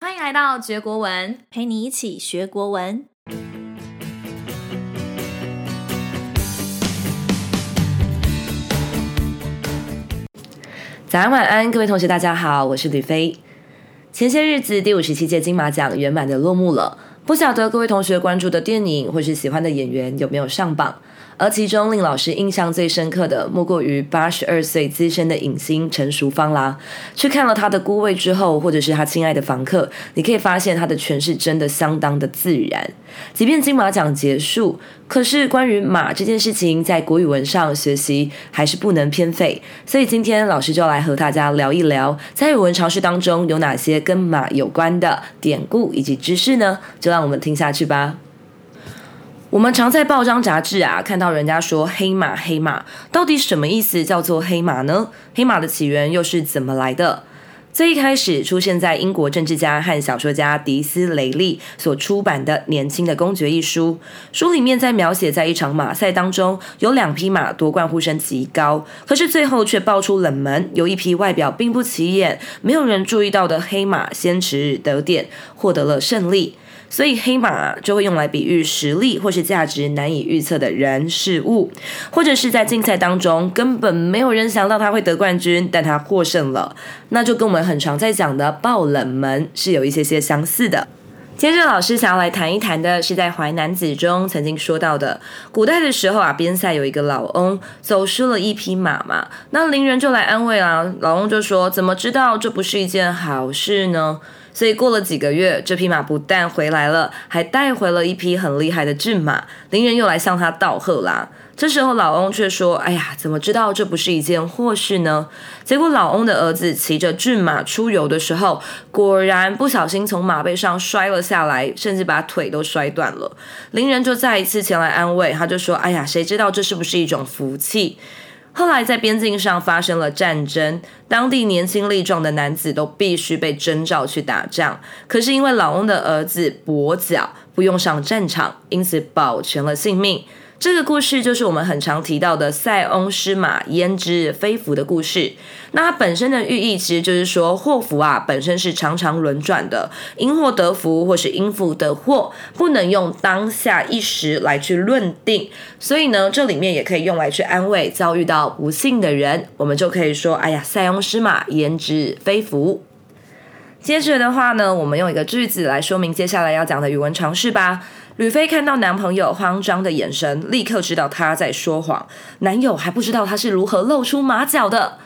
歡迎來到學國文，陪你一起學國文。早安晚安，各位同學，大家好，我是呂飛。前些日子，第五十七屆金馬獎圓滿的落幕了。不曉得各位同學關注的電影或是喜歡的演員有沒有上榜？而其中令老師印象最深刻的，莫過於八十二歲資深的影星陳淑芳啦。去看了他的《孤味》之後，或者是他親愛的房客，你可以發現他的詮釋真的相當的自然。即便金馬獎結束，可是關於馬這件事情，在國語文上學習還是不能偏廢。所以今天老師就來和大家聊一聊，在語文常識當中有哪些跟馬有關的典故以及知識呢？就讓我們聽下去吧。我們常在報章雜誌啊看到人家說“黑馬”，黑馬到底什麼意思？叫做黑馬呢？黑馬的起源又是怎麼來的？最一開始出現在英國政治家、和小說家迪斯雷利所出版的《年輕的公爵》一書。書裡面在描寫，在一場馬賽當中，有兩匹馬奪冠呼聲極高，可是最後卻爆出冷門，有一匹外表並不起眼、沒有人注意到的黑馬先馳得點，獲得了勝利。所以，黑馬就會用來比喻實力或是價值難以預測的人事物，或者是在競賽當中根本沒有人想到他會得冠軍，但他獲勝了，那就跟我們很常在講的爆冷門是有一些些相似的。接着，老師想要來談一談的，是在《淮南子》中曾經說到的，古代的時候啊，邊塞有一個老翁走失了一匹馬嘛，那鄰人就來安慰啊，老翁就說：怎麼知道這不是一件好事呢？所以過了幾個月，這匹馬不但回來了，還帶回了一匹很厲害的駿馬。鄰人又來向他道賀啦。這時候老翁卻說：“哎呀，怎麼知道這不是一件禍事呢？”結果老翁的兒子騎着駿馬出遊的時候，果然不小心從馬背上摔了下來，甚至把腿都摔斷了。鄰人就再一次前來安慰他，就說：“哎呀，誰知道這是不是一種福氣？”後來在邊境上發生了戰爭，當地年輕力壯的男子都必須被徵召去打仗。可是因為老翁的兒子跛腳，不用上戰場，因此保全了性命。這個故事就是我們很常提到的“塞翁失馬，焉知非福”的故事。那它本身的寓意，其實就是說，禍福啊本身是常常輪轉的，因禍得福或是因福得禍，不能用當下一時來去論定。所以呢，這裡面也可以用來去安慰遭遇到不幸的人，我們就可以說：“哎呀，塞翁失馬，焉知非福。”接着的話呢，我們用一個句子來說明接下來要講的語文常識吧。呂飛看到男朋友慌張的眼神，立刻知道他在說謊。男友還不知道他是如何露出馬腳的。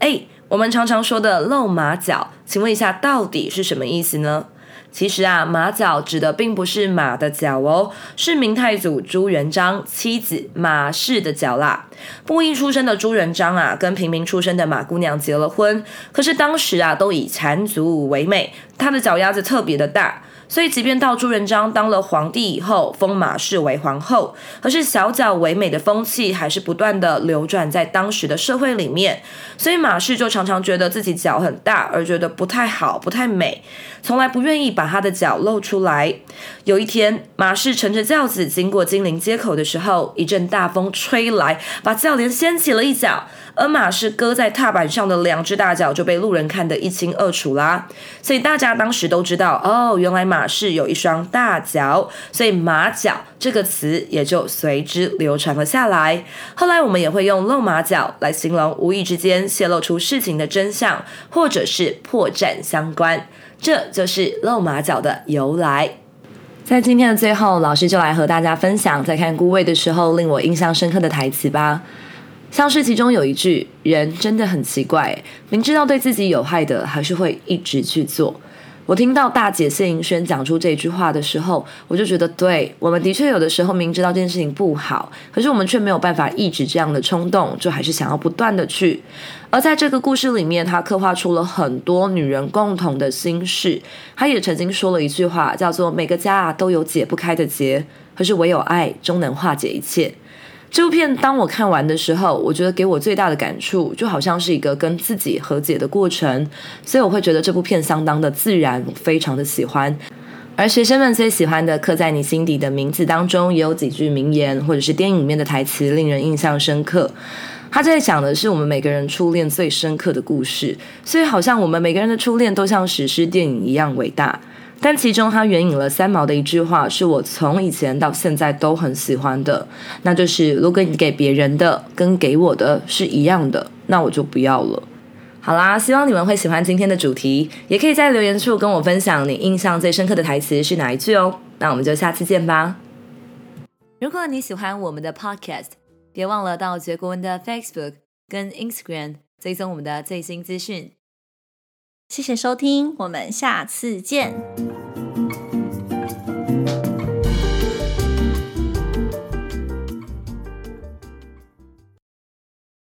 誒，我們常常說的“露馬腳”，請問一下，到底是什麼意思呢？其實啊，馬腳指的並不是馬的腳哦，是明太祖朱元璋妻子馬氏的腳啦。布衣出身的朱元璋啊，跟平民出身的馬姑娘結了婚。可是當時啊，都以纏足為美，他的腳丫子特別的大。所以，即便到朱元璋當了皇帝以後，封馬氏為皇後，可是小腳為美的風氣還是不斷的流轉在當時的社會裡面。所以，馬氏就常常覺得自己腳很大，而覺得不太好，不太美。從來不願意把他的腳露出來。有一天，馬氏乘着轎子經過金陵街口的時候，一陣大風吹來，把轎簾掀起了一角，而馬氏擱在踏板上的兩隻大腳就被路人看得一清二楚啦。所以大家當時都知道，哦，原來馬氏有一雙大腳，所以“馬腳”這個詞也就隨之流傳了下來。後來我們也會用“露馬腳”來形容無意之間泄露出事情的真相，或者是破綻相關。這就是露馬腳的由來，在今天的最後，老師就來和大家分享在看《孤味》的時候令我印象深刻的台詞吧，像是其中有一句：“人真的很奇怪，明知道對自己有害的，還是會一直去做。”我聽到大姐謝盈萱講出這句話的時候，我就覺得對，對我們的確有的時候明知道這件事情不好，可是我們卻沒有辦法抑制這樣的衝動，就還是想要不斷的去。而在這個故事裡面，她刻畫出了很多女人共同的心事。她也曾經說了一句話，叫做“每個家啊都有解不開的結，可是唯有愛終能化解一切”。這部片當我看完的時候，我覺得給我最大的感觸就好像是一個跟自己和解的過程，所以我會覺得這部片相當的自然，非常的喜歡。而學生們最喜歡的《刻在你心底的名字》當中也有幾句名言或者是電影裡面的台詞令人印象深刻。他在講的是我們每個人初戀最深刻的故事，所以好像我們每個人的初戀都像史詩電影一樣偉大。但其中它援引了三毛的一句話，是我從以前到現在都很喜歡的，那就是“如果你給別人的跟給我的是一樣的，那我就不要了。”好啦，希望你們會喜歡今天的主題，也可以在留言處跟我分享你印象最深刻的台詞是哪一句哦。那我們就下次見吧。如果你喜歡我們的 podcast，別忘了到杰國文的 Facebook 跟 Instagram 追蹤我們的最新資訊。謝謝收聽，我們下次見。